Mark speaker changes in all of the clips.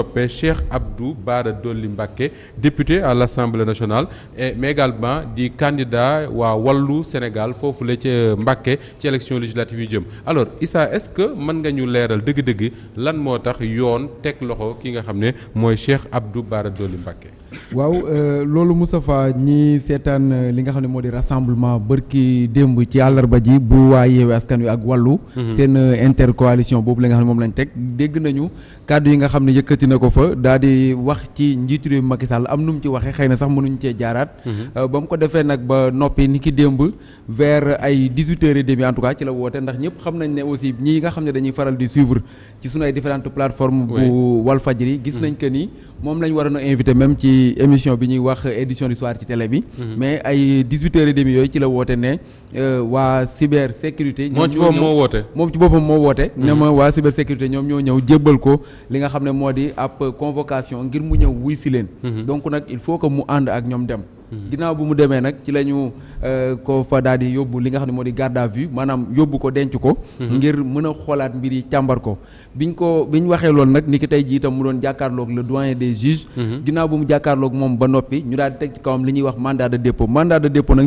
Speaker 1: toppee Cheikh Abdou Bara Dolly Mbacké député à l'Assemblée nationale et mais également di candidat waa Wallu Sénégal foofu la ca euh, Mbacké ci élection législative yu jëm alors Issa est-ce que mën nga ñu leeral dëgg-dëgg lan moo tax yoon teg loxo ki nga xam ne mooy Cheikh Abdou Bara Dolly Mbacké waaw euh, loolu Moustapha ñi seetaan euh, li nga xam ne moo di rassemblement bërki démb ci àllarba ji bu waa yeewe askan wi ak Wallu mhm. seen intercoalition boobu la nga xam ne moom lañ teg dégg nañu kàddu yi ne ko fa daa di wax ci njiitu réew Macky Sall am nu mu ci waxee xëy na sax mënuñ cee jaaraat. Mhm. Euh, ba mu ko defee nag ba noppi ni ki démb vers ay dix demi en tout cas ci la woote ndax ñëpp xam nañ ne aussi ñii nga xam ne dañuy faral di suivre ci sunu ay différentes plateformes. bu Walfadjri gis mhm. nañ que ni. moom lañ waroon a invité même ci émission bi ñuy wax édition du soir ci télé bi. Mhm. mais ay dix huit heures yooyu ci la woote ne euh, waa cybersécurité. moom ci boppam moo woote. moom ci boppam moo woote. Mhm. ne ma waa cybersécurité ñoom ñoo ñëw jébbal ko li nga xam ne moo di app convocation ngir mu ñëw wuy si leen. Mhm. donc nag il faut que mu ànd ak ñoom dem. Mm-hmm. ginnaaw bu mu demee nag ci la euh, ko fa daal yóbbu li nga xam ne moo di garde à vue maanaam yóbbu ko denc ko. Mm-hmm. ngir mën xoolaat mbir càmbar ko biñ ko biñ waxee loolu nag ni ki tey jii itam mu doon jàkkaarloog le doyen des juges. Mm-hmm. ginnaaw bu mu jàkkaarloog moom ba noppi ñu daal teg ci de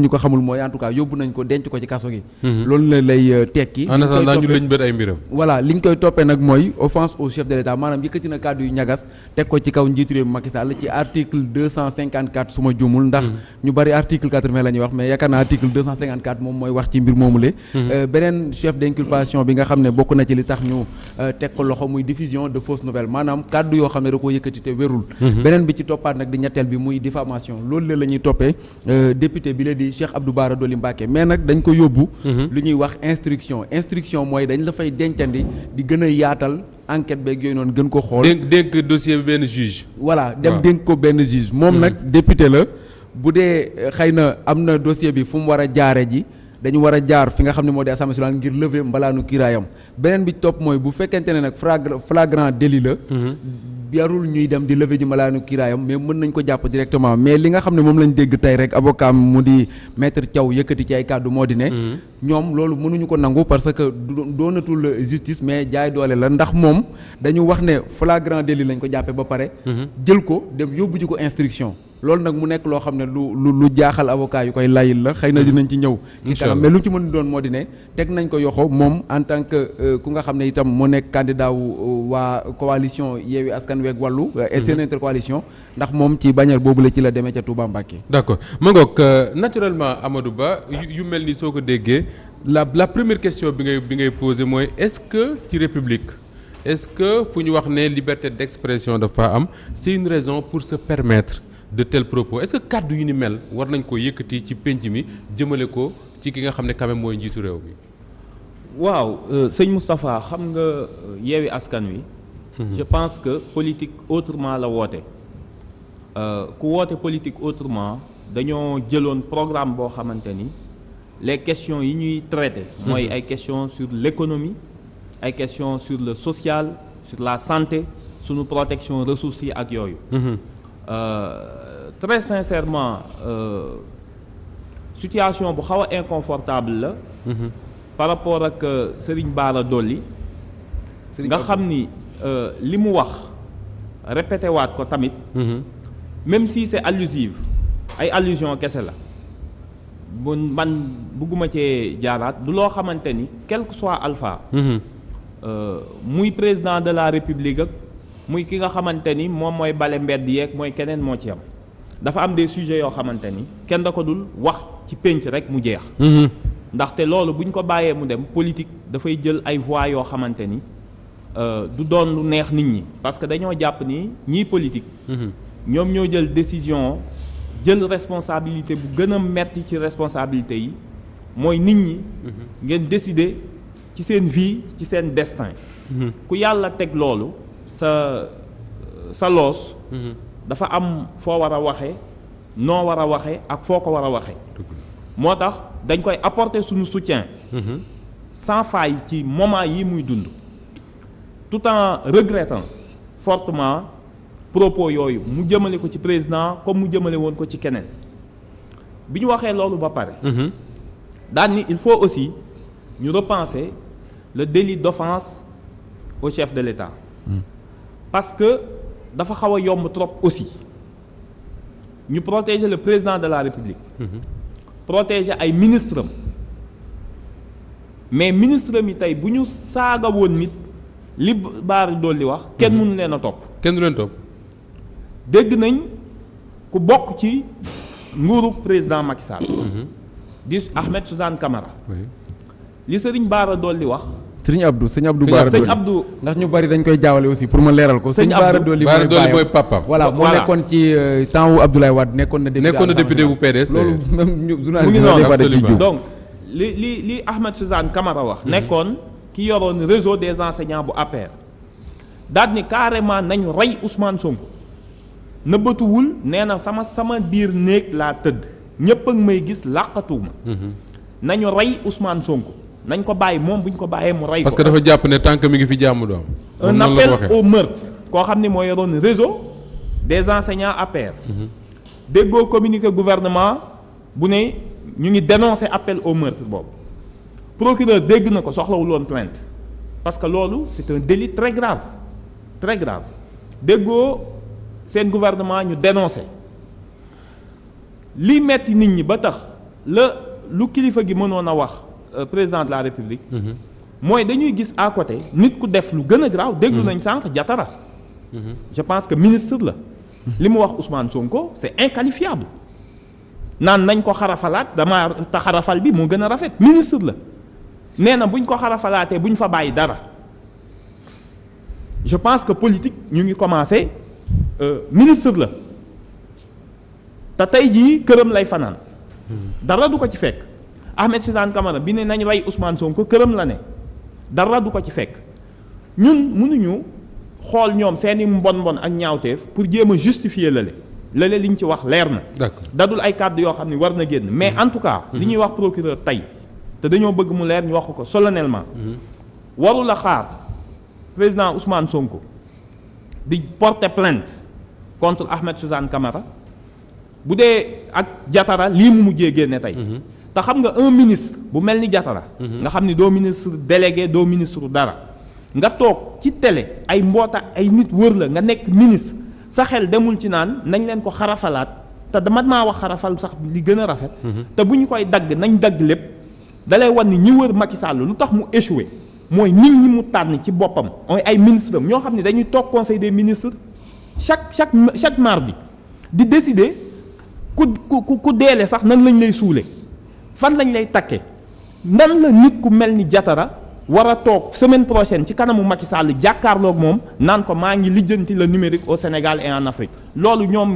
Speaker 1: ko xamul mooy en tout ko denc ko ci kaso gi. loolu la lay euh, tekki. en attendant ñu lañ bët ay mbiram. voilà liñ koy toppee nag mooy offense au chef de l' état maanaam yëkkati na kàddu yu ñagas teg ko ci kaw Mm-hmm. ñu bari article quatre-vingt la ñuy wax mais yaakaar naa article deux quatre moom mooy wax ci mbir moomule mm-hmm. euh, beneen chef d'inculpation bi nga xam ne bokk na ci li tax ñu euh, teg ko loxo muy diffusion de fausses nouvelles maanaam kàddu yoo xam ne da koo yëkkati te wérul mm-hmm. beneen bi ci toppaat nag di ñetteel bi muy diffamation loolu la la toppee euh, député bi la di Cheikh Abdou Bara Dolly Mbacké mais nag dañ ko yóbbu lu ñuy wax instruction instruction mooy dañ a bu dee eh, xëy na am na dossier bi fu mu war a jaare ji dañu war a jaar fi nga xam ne moo di assemblée nationale ngir lever mbalaanu kiiraayam beneen bi topp mooy bu fekkente ne nag flagrant délit la yarul mhm. ñuy dem di lever ji mbalaanu kiiraayam mais mën nañ ko jàpp directement mais li nga xam ne moom lañu dégg tey rek avocat mu di maître Thiaw yëkkati ci ay kàddu moo di ne mhm. ñoom loolu mënuñu ko nangu parce que doonatul justice mais jaay doole la ndax moom dañu wax ne flagrant délit lañ ko jàppee ba pare mhm. ko dem yóbbu ji ko instruction loolu nag mu nekk loo xam ne lu lu lu jaaxal avocat yu koy layil la xëy na mm-hmm. dinañ ci ñëw ci kanam mais lu ci mën doon moo di ne teg nañ ko yoxo moom en tant que euh, ku nga xam ne itam moo nekk candidat wu euh, waa coalition Yewwi Askan week ak Wallu euh, et seen mm-hmm. ndax moom ci bannière boobu la ci la demee ca Touba Mbacké d'accord ma ngoog naturellement Ba yu mel ni soo ko déggee la la première question bi ngay bi ngay posé mooy est que ci république est-ce que fu ñu wax ne liberté d'expression dafa am c'est une raison pour se permettre de tels propos est-ce que kàddu yu ni mel war nañ ko yëkkati ci pénc mi jëmale ko ci ki nga xam ne quand mooy njiitu réew mi. waaw
Speaker 2: euh, sëñ Moustapha xam nga euh, yeewi askan wi. Mhm. je pense que politique autrement la woote. Euh, ku woote politique autrement dañoo jëloon programme boo xamante ni les questions yi ñuy traité. Mhm. mooy ay questions sur l'économie ay questions sur le sociale sur la santé sunu protection ressources yi ak yooyu. Mhm. euh, très sincèrement euh, situation bu xaw a inconfortable la. Mm par rapport ak euh, Serigne Bara Dolly. nga xam ni euh, li mu wax répété waat ko tamit. Mhm. même si c'est allusive ay allusion kese la. bu man bëgguma cee jaaraat du loo xamante ni quelque que soit alpha. Mhm. Euh, muy président de la république ak. muy ki nga xamante ni moom mooy bale mbedd yeeg mooy keneen moo ci am dafa am des sujets yoo xamante ni kenn da ko dul wax ci pénc rek mu jeex. Mm-hmm. ndaxte loolu buñ ko bàyyee mu dem politique dafay jël ay voix yoo xamante ni euh, du doon lu neex nit ñi parce que dañoo jàpp ni ñii politique. Mm-hmm. ñoom ñoo jël décision jël responsabilité bu gën a metti ci responsabilité yi mooy nit ñi. Mm-hmm. ngeen décider ci seen vie ci seen destin. ku yàlla teg loolu. sa sa loos. Mhm. dafa am foo war a waxe noo war a waxee ak foo ko war a waxee. moo tax dañ koy apporter suñu soutien. Mhm. sans faille ci moment yi muy dund. tout en regrettant fortement propos yooyu mu jëmale ko ci président comme mu jëmale woon ko ci keneen bi ñu waxee loolu ba pare. Mhm. daan ni il faut aussi ñu repense le délit d'offense au chef de l'État. parce que dafa xaw a yomb trop aussi ñu protéger le président de la république. Mmh. ay ministres am mais ministres yi tey bu ñu saaga woon nit li baar dolli wax. kenn mhm. mënu leen a topp. kenn du leen topp. dégg nañ ku bokk ci nguuru président Macky Sall. Mhm. di Ahmed Suzanne Camara. li Serigne Bara dolli wax.
Speaker 1: sëñ Abdou sëñ Abdou Baara Doli sëñ Abdou ndax ñu bari dañ koy jaawale aussi pour ma leeral ko sëñ Baara Doli Baara Doli mooy papaam voilà moo nekkoon ci euh, temps wu Abdoulaye Wade nekkoon na nekkoon na député bu PDS loolu même
Speaker 2: journaliste yi donc li li li Ahmed Suzanne Camara wax mhm. nekkoon ki yoroon réseau des enseignants bu APR daal ni carrément nañu rey Ousmane Sonko nëbbatuwul nee na sama sama biir néeg laa tëdd ñëpp ak may gis làqatuwuma mhm. nañu rey Ousmane Sonko nañ ko bàyyi moom bu ñu ko bàyyee mu rey ko. que dafa jàpp
Speaker 1: ne tant que mi ngi fi jàmm du am. un appel au meurtre
Speaker 2: koo xam ne moo yoroon réseau des enseignants APR. Mhm. déggoo communiqué gouvernement bu ne ñu ngi dénoncer appel au meurtre boobu procureur dégg na ko soxlawul woon plainte parce que loolu c'est un délit très grave très grave déggoo seen gouvernement ñu dénoncer li metti nit ñi ba tax la lu kilifa gi mënoon a wax. Euh, président de la république. Mhm. mooy dañuy gis à côté nit ku def lu gën a graaw. déglu mhm. nañ sànq jatara. Mhm. je pense que ministre la. li mu wax Ousmane Sonko c'est inqualifiable. naan nañ ko xarafalaat dama te xarafal bi moo gën a rafet ministre la nee na buñ ko xarafalaatee buñ fa bàyyi dara je pense que politique ñu ngi commencé euh, ministre la te tey jii këram lay fanaan dara du ko ci fekk. Ahmed Suzanne Camara bi ne nañu rey Ousmane Sonko këram la ne dara du ko ci fekk ñun mënuñu xool ñoom seeni mbon mbon ak ñaawteef pour jéem a justifier lale li ñu ci wax leer na. dadul ay kàddu yoo xam ne war na génn mais mhm. en tout cas. li ñuy wax procureur tey te dañoo bëgg mu leer ñu waxu ko solennellement. Mhm. waru la xaar président Ousmane Sonko di porter plainte contre Ahmed Suzanne Camara bu dee ak jatara lii mu mujjee génne tey. Mhm. te xam nga un ministre bu mel ni jatara mhm. nga xam ni doo ministre délégué doo ministre dara nga toog ci tele ay mboota ay nit wër la nga nekk ministre sa xel demul ci naan nañ leen ko xarafalaat te dama maa wax xarafal sax li gën a rafet mhm. te bu ñu koy dagg nañ dagg lépp dalay wan ni ñi wër Macky Sall lu tax mu échoué mooy nit ñi mu tànn ci boppam mooy ay ministre am ñoo xam ne dañuy toog conseil des ministres chaque chaque chaque bi di décider ku ku ku deele sax nan lañ lay suule fan lañ lay takke nan la nit ku mel ni jatara war a toog semaine prochaine ci kanamu Macky Sall jàkkaarloog moom naan ko maa ngi lijjanti le numérique au Sénégal et en Afrique loolu ñoom